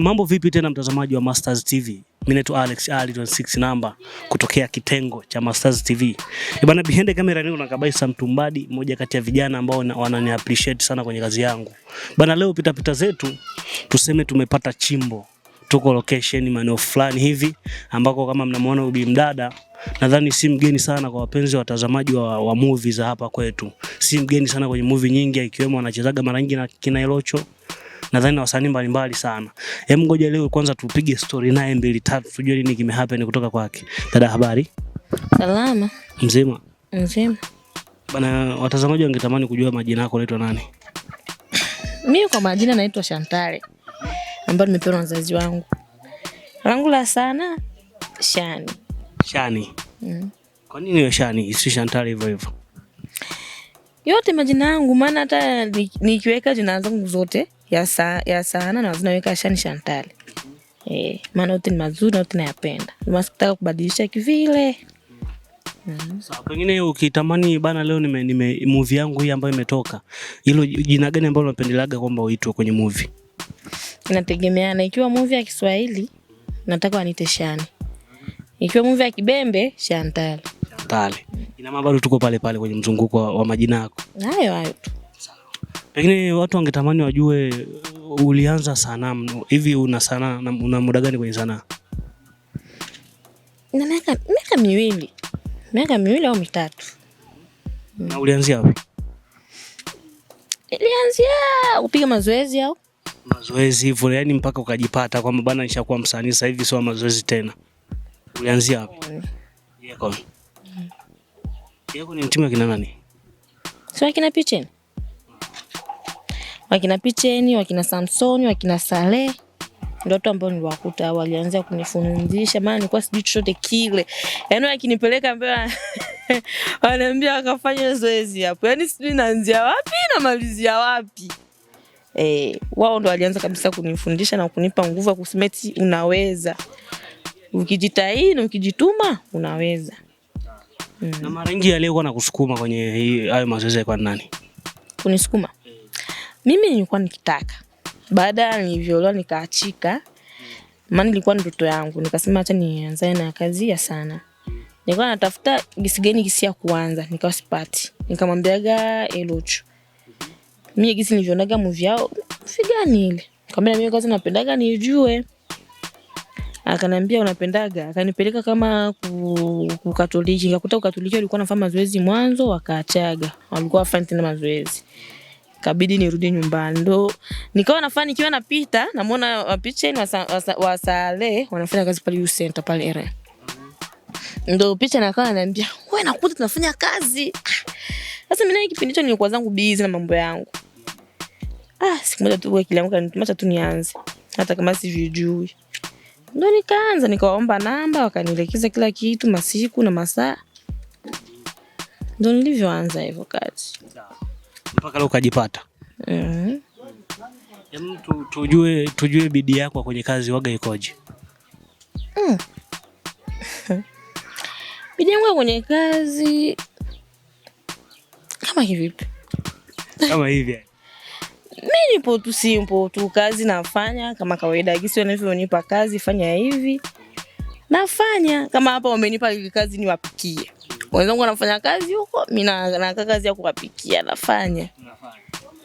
Mambo vipi tena mtazamaji wa Mastaz TV? Mimi naitwa Alex Ali 26 namba kutokea kitengo cha Mastaz TV. E eh, bana, behind camera niko na kabisa mtumbadi mmoja kati ya vijana ambao wanani appreciate sana kwenye kazi yangu. Bana, leo pita pita zetu tuseme tumepata chimbo. Tuko location maeneo fulani hivi ambako kama mnamuona ubi mdada nadhani si mgeni sana kwa wapenzi watazamaji wa, wa movie za hapa kwetu. Si mgeni sana kwenye movie nyingi ikiwemo anachezaga mara nyingi na kina Elocho nadhani na wasanii mbalimbali sana. Hebu ngoja leo kwanza tupige story naye mbili tatu, tujue nini kimehappen kutoka kwake. Dada, habari? Salama. Mzima? Mzima. Bana, watazamaji wangetamani kujua majina yako, unaitwa nani? Mimi kwa majina naitwa Shantale ambayo nimepewa na wazazi wangu. Langu la sana Shani. Shani. Mm. Kwa nini Shani isi Shantale hivyo hivyo? Yote majina yangu maana hata nikiweka jina zangu zote ya saa ya saa nane wazinaweka shani Shantali. Eh, maana yote ni mazuri na yote nayapenda. Sikutaka kubadilisha kivile. Mm. Sawa, pengine ukitamani bana, leo nime, nime movie yangu hii ambayo imetoka, hilo jina gani ambalo unapendelaga kwamba uitwe kwenye movie? Inategemeana, ikiwa movie ya Kiswahili nataka wanite Shani, ikiwa movie ya Kibembe Shantali. Shantali. Ina maana bado tuko pale pale kwenye mzunguko wa, wa majina yako hayo hayo tu. Pengine watu wangetamani wajue uh, ulianza sanaa hivi, una sanaa, una muda gani kwenye sanaa? Na miaka miwili, miaka miwili au mitatu. Na ulianzia wapi? Ilianzia kupiga mazoezi au mazoezi hivyo, yani mpaka ukajipata kwamba bana, nishakuwa msanii sasa hivi, sio mazoezi tena. Ulianzia wapi? Yeko. Yeko ni timu ya kina nani? Sio kina Picheni? wakina Picheni, wakina Samsoni, wakina Saleh ndio watu ambao niliwakuta walianza kunifundisha, maana nilikuwa sijui chochote kile. Yaani wakinipeleka mbele wanaambia wakafanya zoezi hapo, yaani sijui naanzia wapi namalizia wapi. Eh, wao ndo walianza kabisa kunifundisha na kunipa nguvu ya kusema eti unaweza, ukijitahidi ukijituma unaweza. Mm. Na mara nyingi aliyekuwa nakusukuma kwenye hayo mazoezi alikuwa nani? Kunisukuma mimi nilikuwa nikitaka, baada ya nilivyolewa nikaachika, maana ilikuwa ndoto yangu, nikasema acha nianze na kazi ya sana. Nilikuwa natafuta gisi gani gisi ya kuanza, nikawa sipati. Nikamwambiaga Elocho, mimi gisi nilivyonaga movie yao figani ile, nikamwambia mimi kwanza napendaga nijue Akanambia unapendaga, akanipeleka kama Ukatoliki, nikakuta Ukatoliki walikuwa nafanya mazoezi mwanzo, wakaachaga, walikuwa hawafanyi tena mazoezi kabidi nirudi nyumbani, ndo nikawa nafaa nikiwa napita, namwona wapicha wasale wanafanya kazi pale youth center pale era, ndo picha nakawa ananiambia we nakuta tunafanya kazi. Ah, sasa mimi kipindi hicho nilikuwa zangu bizi na mambo yangu. Ah, siku moja tu akili yangu kanitumacha tu nianze, hata kama sivijui ndo nikaanza nikawaomba namba, wakanielekeza kila kitu, masiku na masaa, ndo nilivyoanza hivyo kazi mpaka leo ukajipata. Eh. tu, tujue tujue bidii yako kwenye kazi waga ikoje? Mm. Bidii yangu kwenye kazi kama hivi. Kama hivi. Mimi nipo tu simple tu, kazi nafanya kama kawaida, gisi wanavyonipa kazi fanya hivi nafanya. Kama hapa wamenipa kazi niwapikie wenzangu anafanya kazi huko, mi na kazi ya kuwapikia nafanya.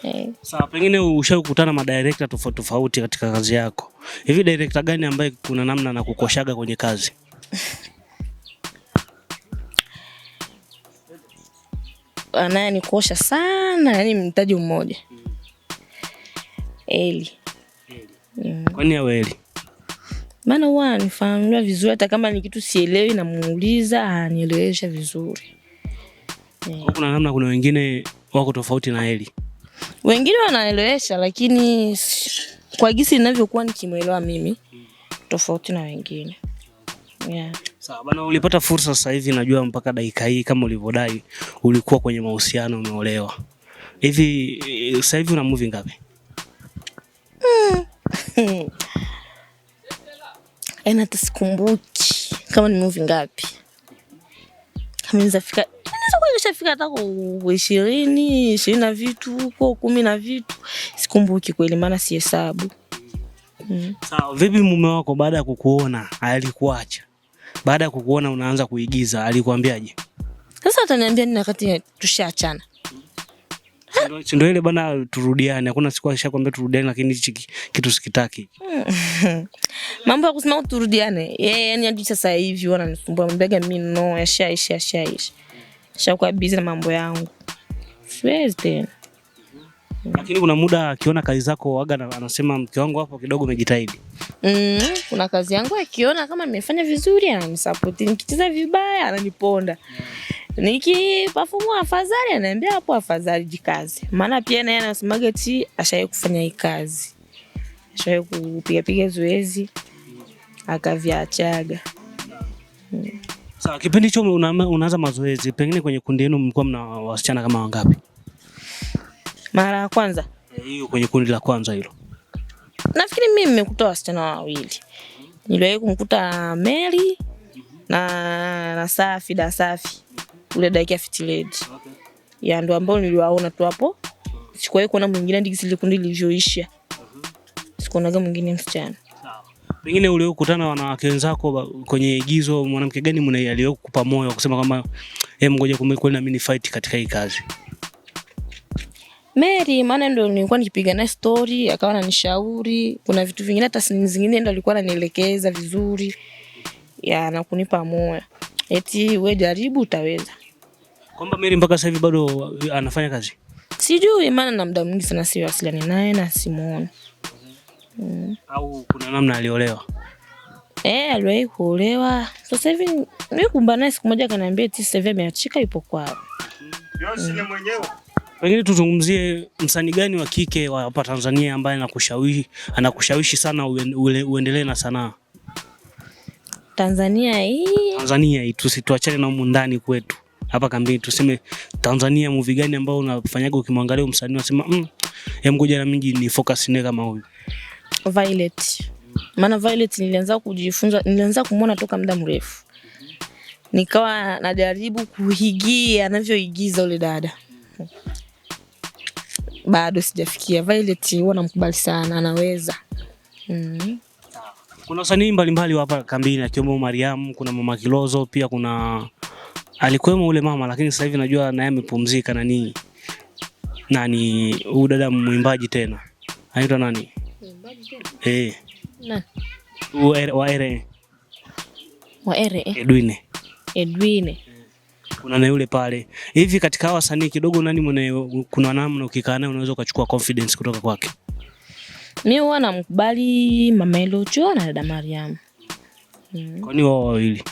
Eh. Sasa pengine ushakutana na madirekta tofauti tofauti katika kazi yako. Hivi direkta gani ambaye kuna namna na kukoshaga kwenye kazi? Anaye nikuosha sana, yani mtaji mmoja. Hmm. Eli. Eli. Mm. Kwani awe Eli? maana huwa ananifafanua vizuri, hata kama ni kitu sielewi namuuliza, anielewesha vizuri. Kuna namna, kuna wengine wako tofauti na Eli, wengine wanaelewesha, lakini kwa gisi inavyokuwa nikimwelewa mimi tofauti na wengine yeah. Sawa bana, ulipata fursa sasa hivi, najua mpaka dakika hii kama ulivyodai ulikuwa kwenye mahusiano, umeolewa hivi eh, sasa hivi una muvi ngapi? Hmm. yani hata sikumbuki kama ni movie ngapi kafika shafika hata ishirini ishirini na vitu huko kumi na vitu sikumbuki kweli, maana si Mm. Sawa, vipi mume wako baada ya kukuona alikuacha? Baada ya kukuona unaanza kuigiza, alikuambiaje? Sasa ataniambia nini wakati tushaachana? Ndio ile bana, turudiane. Hakuna siku nishakwambia turudiane, lakini hichi kitu sikitaki. Mambo ya kusema turudiane, yeye yani hadi sasa hivi wananisumbua. Mbega mimi no, yashaisha yashaisha. Shakuwa busy na mambo yangu. Siwezi tena. Lakini kuna muda akiona kazi zako aga anasema mke wangu hapo kidogo umejitahidi. Mm, kuna kazi yangu akiona kama nimefanya vizuri ananisupport. Nikicheza vibaya ananiponda. Mm nikipafumua afadhali, anaambia hapo afadhali jikazi maana pia naye anasemaga ti ashawahi kufanya hii kazi, ashawahi kupigapiga zoezi akaviachaga. hmm. Sawa, kipindi hicho unaanza mazoezi, pengine kwenye kundi lenu mlikuwa mna wasichana kama wangapi? Mara ya kwanza eh, hiyo kwenye kundi la kwanza hilo, nafikiri mimi nimekuta wasichana wawili. Niliwahi kumkuta Mary na na Safi da Safi ule dakika fitiled. Okay. Ya ndo ambao niliwaona tu hapo. Sikuwahi kuona mwingine ndiki zile kundi lilivyoisha. Sikuonaga mwingine msichana. Sawa. Pengine uliokutana wanawake wenzako kwenye igizo, mwanamke gani mwenye aliyokupa moyo kusema kwamba eh, ngoja kumekuwa na mimi fight katika hii kazi? Mary, maana ndo nilikuwa nikipiga naye story, akawa ananishauri kuna vitu vingine, hata sehemu zingine ndo alikuwa ananielekeza vizuri ya na kunipa moyo, eti we jaribu, utaweza. Kwamba Mary mpaka sasa hivi bado eh, anafanya kazi? Sijui maana na muda mwingi sana siwasiliani naye na simuoni. Mm. Au kuna namna aliolewa? Eh, aliwahi kuolewa. Sasa hivi mimi kumba naye siku moja akaniambia eti sasa hivi ameachika yupo kwao. Mm. ni Pengine tuzungumzie msanii gani wa kike wa hapa Tanzania ambaye anakushawishi anakushawishi sana uendelee na sanaa? Tanzania hii. Tanzania hii tusituachane na umu ndani kwetu hapa kambini, tuseme Tanzania movie gani ambao unafanyaga ukimwangalia msanii unasema mm, ngoja na mimi ni focus naye kama huyu? Violet. Maana Violet nilianza kujifunza, nilianza kumwona toka muda mrefu, nikawa najaribu kuigia anavyoigiza ule dada, bado sijafikia. Violet huwa namkubali sana, anaweza mm. Kuna wasanii mbalimbali hapa kambini akiwemo Mariam, kuna Mama Kilozo, pia kuna alikuwemo ule mama, lakini sasa hivi najua naye amepumzika. na nini na ni huyu dada mwimbaji tena anaitwa nani? Eh, na wa ere wa ere Edwine eh? Edwine kuna na yule pale hivi. Katika wasanii kidogo, nani mwenye kuna namna ukikaa naye unaweza ukachukua confidence kutoka kwake? Mimi huwa namkubali Mama Elo Chuo na dada Mariam. Mm. Kwani wao wawili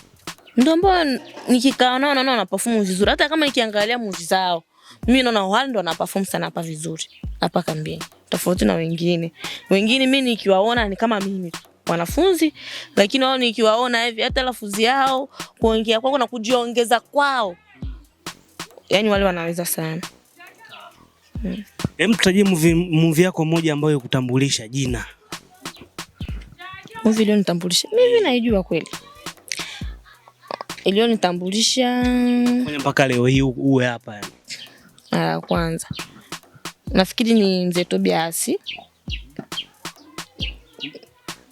ndio ambao nikikaa nao naona wana perform vizuri. Hata kama nikiangalia movie zao, mimi naona wale ndo wana perform sana hapa vizuri, hapa kambini, tofauti na wengine. Wengine mimi nikiwaona ni kama mimi wanafunzi, lakini wao nikiwaona hivi, hata lafuzi yao, kuongea kwao na kujiongeza kwao, yani wale wanaweza sana. Hmm. Hem, tutajie movie yako moja ambayo kutambulisha jina. Movie ndio nitambulisha mimi, naijua kweli iliyonitambulisha mpaka leo hii uwe hapa. Mara ya kwanza nafikiri ni mzee Tobias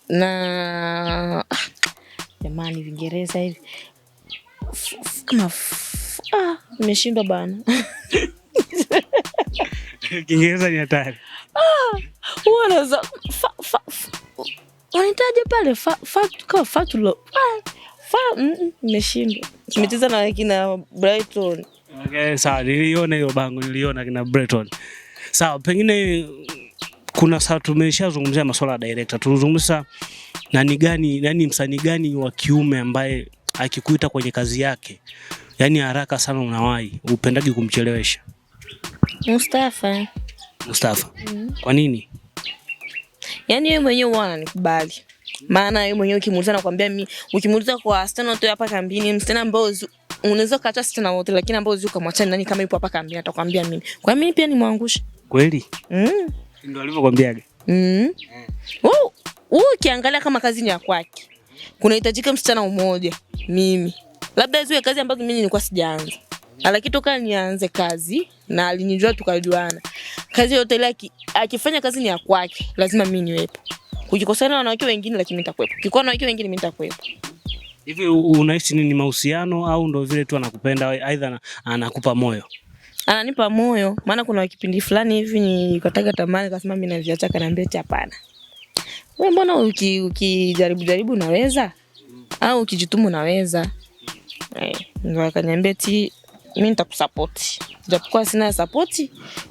na ah, jamani, Vingereza hivi kama ah, nimeshindwa bana Kiingereza ni hatari. Ah, fa, wanahitaji pale fa, fa, fa, fa, fa, Nimeshindwa, nimecheza na kina Brighton. Okay, sawa, niliona hiyo bango, niliona kina Brighton. Sawa, pengine kuna saa tumeshazungumzia masuala ya director, tulizungumza nani gani, nani msanii gani wa kiume ambaye akikuita kwenye kazi yake, yani haraka sana unawahi, upendaji kumchelewesha? Mustafa. Mustafa. Mm. Kwa nini? Yaani yeye mwenyewe huwa ananikubali maana yeye mwenyewe ukimuuliza anakuambia mimi, ukimuuliza kwa wasichana wote hapa kambini, msichana ambao unaweza ukaacha wasichana wote, lakini ambao uzi ukamwacha nani kama yupo hapa kambini, atakwambia mimi. Kwa hiyo mimi pia nimwangushe kweli. Mm. Ndio alivyokuambiaga. Mm. Eh. wewe wao, ukiangalia kama kazi ni ya kwake, kunahitajika msichana mmoja mimi, labda ziwe kazi ambazo mimi nilikuwa sijaanza alakitoka nianze kazi na alinijua tukajuana, kazi yote ile akifanya kazi ni ya kwake, lazima mimi niwepo ukikosana na wanawake wengine, lakini nitakuepo. Ukikosana na wanawake wengine, mimi nitakuepo. Hivi unaishi nini, mahusiano au ndo vile tu anakupenda, aidha anakupa moyo? Ananipa moyo, maana kuna kipindi fulani hivi nikataka tamani, kasema mimi naziacha, kanaambia cha hapana, wewe mbona ukijaribu jaribu unaweza au ukijitumu unaweza. Eh, ndo akaniambia ti mimi nitakusupport japokuwa sina support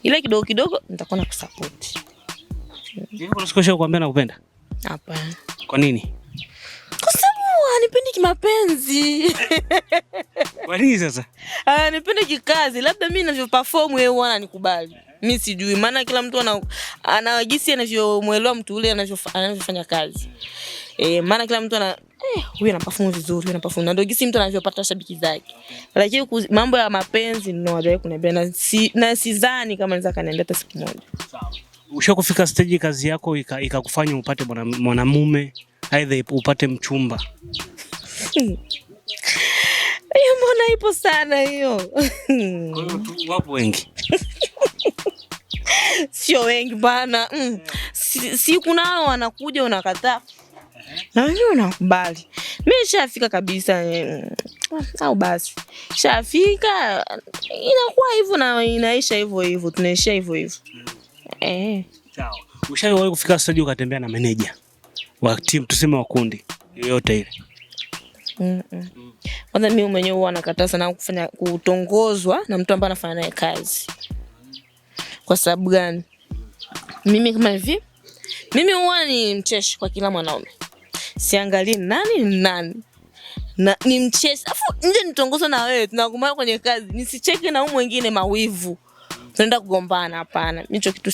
ile kidogo kidogo nitakuwa nakusupport. nakusapoti. Unasikia kuambia nakupenda Hapana. Kwa nini? Kwa sababu anipendi ah, kimapenzi. Kwa nini sasa? Ah, nipendi kikazi, labda mimi ninavyo perform yeye huwa ananikubali. Mimi sijui maana kila mtu ana anajisi anavyomuelewa mtu ule anavyofanya kazi. Eh, maana kila mtu ana eh, huyu ana perform vizuri, huyu ana perform. Na ndio jinsi mtu anavyopata shabiki zake. Lakini mambo ya mapenzi ndio hajawahi kuniambia na si na sidhani kama naweza kaniambia hata siku moja. Sawa usha kufika stage kazi yako ikakufanya ika upate mwanamume aidha upate mchumba? Hiyo mbona ipo sana hiyo. Wapo wengi sio wengi bana. Mm. Si, si kunao wanakuja unakataa eh? na wewe unakubali. Mimi shafika kabisa eh, mm. au basi shafika, inakuwa hivyo na inaisha hivyo hivyo, tunaishia hivyo hivyo. Mm. Eh. Sawa. Ushawahi kufika studio ukatembea na meneja wa timu tuseme wa kundi yoyote ile? Kwanza mimi mwenyewe huwa nakataa sana kufanya kutongozwa na mtu ambaye anafanya naye kazi. Kwa sababu gani? Mimi kama hivi, mimi huwa ni mcheshi kwa kila mwanaume, siangalii nani ni nani na ni mcheshi, afu nje nitongozwa na wewe, tunakumaa kwenye kazi, nisicheke na huyu mwingine mawivu tunaenda kugombana. Hapana, mi hicho kitu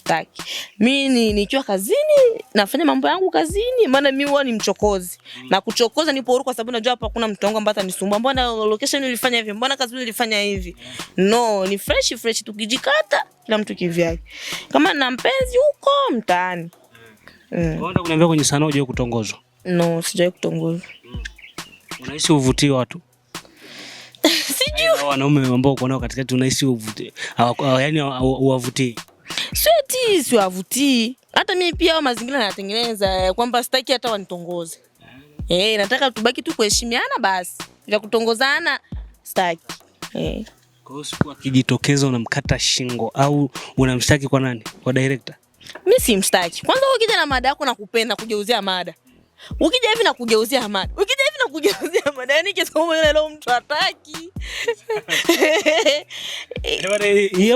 Mi ni nikiwa kazini nafanya mambo yangu kazini, maana mi huwa ni mchokozi na kuchokoza, nipo huru kwa sababu najua hapa kuna mtu wangu ambaye atanisumbua. Mbona location ulifanya hivi? Mbona kazi ulifanya hivi? No, ni fresh fresh, tukijikata kila mtu kivyake. Kama na mpenzi huko mtaani Mm. Kuniambia kwenye sanaa hujawahi kutongozwa? No, sijawahi kutongozwa. Mm. Unahisi uvutii watu? wanaume ambao uko nao katikati unahisi yani uwavutii? Sio eti siwavutii, hata mimi pia hao mazingira nayatengeneza kwamba sitaki hata wanitongoze. Eh, nataka tubaki tu kuheshimiana basi, vya kutongozana sitaki. Eh. Kwa hiyo siku akijitokeza unamkata shingo au unamshtaki kwa nani? Kwa director? Mimi simshtaki. Kwanza ukija na mada yako nakupenda kugeuzia mada. Ukija hivi nakugeuzia mada. Ukija kugeuzia madani yaani mtu hataki. Yaani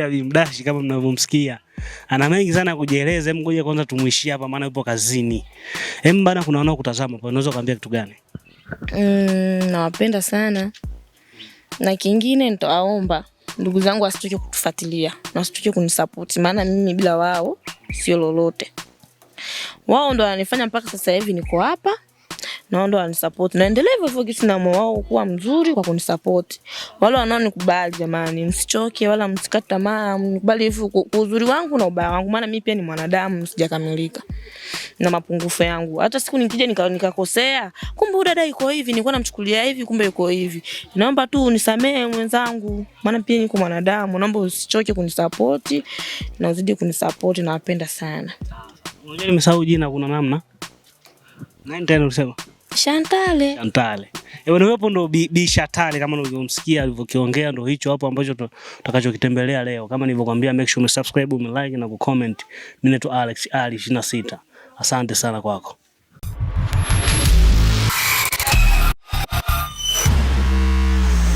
ya Bimdashi kama mnavyomsikia. Ana mengi sana kujieleza, ngoja kwanza tumuishie hapa maana yupo kazini. Hem, bana kuna wanao kutazama unaweza kitu gani? Mm, nawapenda sana. Na kingine nitawaomba ndugu zangu wasitoke kutufuatilia na wasitoke kunisapoti, maana mimi bila wao sio lolote. Wao ndo wananifanya mpaka sasa hivi niko hapa naomba wanisapoti, naendelea hivyo hivyo kitu na moyo wao kuwa mzuri kwa kunisapoti. Wale wanaonikubali jamani, msichoke wala msikate tamaa, mnikubali hivyo kwa uzuri wangu na ubaya wangu, maana mimi pia ni mwanadamu, sijakamilika na mapungufu yangu. Hata siku nikija nikakosea, kumbe dada iko hivi, nilikuwa namchukulia hivi, kumbe iko hivi. Naomba tu unisamee mwenzangu, maana pia niko mwanadamu. Naomba usichoke kunisapoti na uzidi kunisapoti, nawapenda sana. Unajua nimesahau jina, kuna namna nani tena ulisema? Shantale. Shantale. Ewe hapo ndo bi, bi Shantale kama ulivyomsikia alivyokiongea ndo hicho hapo ambacho tutakachokitembelea leo. Kama nilivyokuambia make sure umesubscribe, umelike na kucomment. Mimi Alex Ali 26. Asante sana kwako.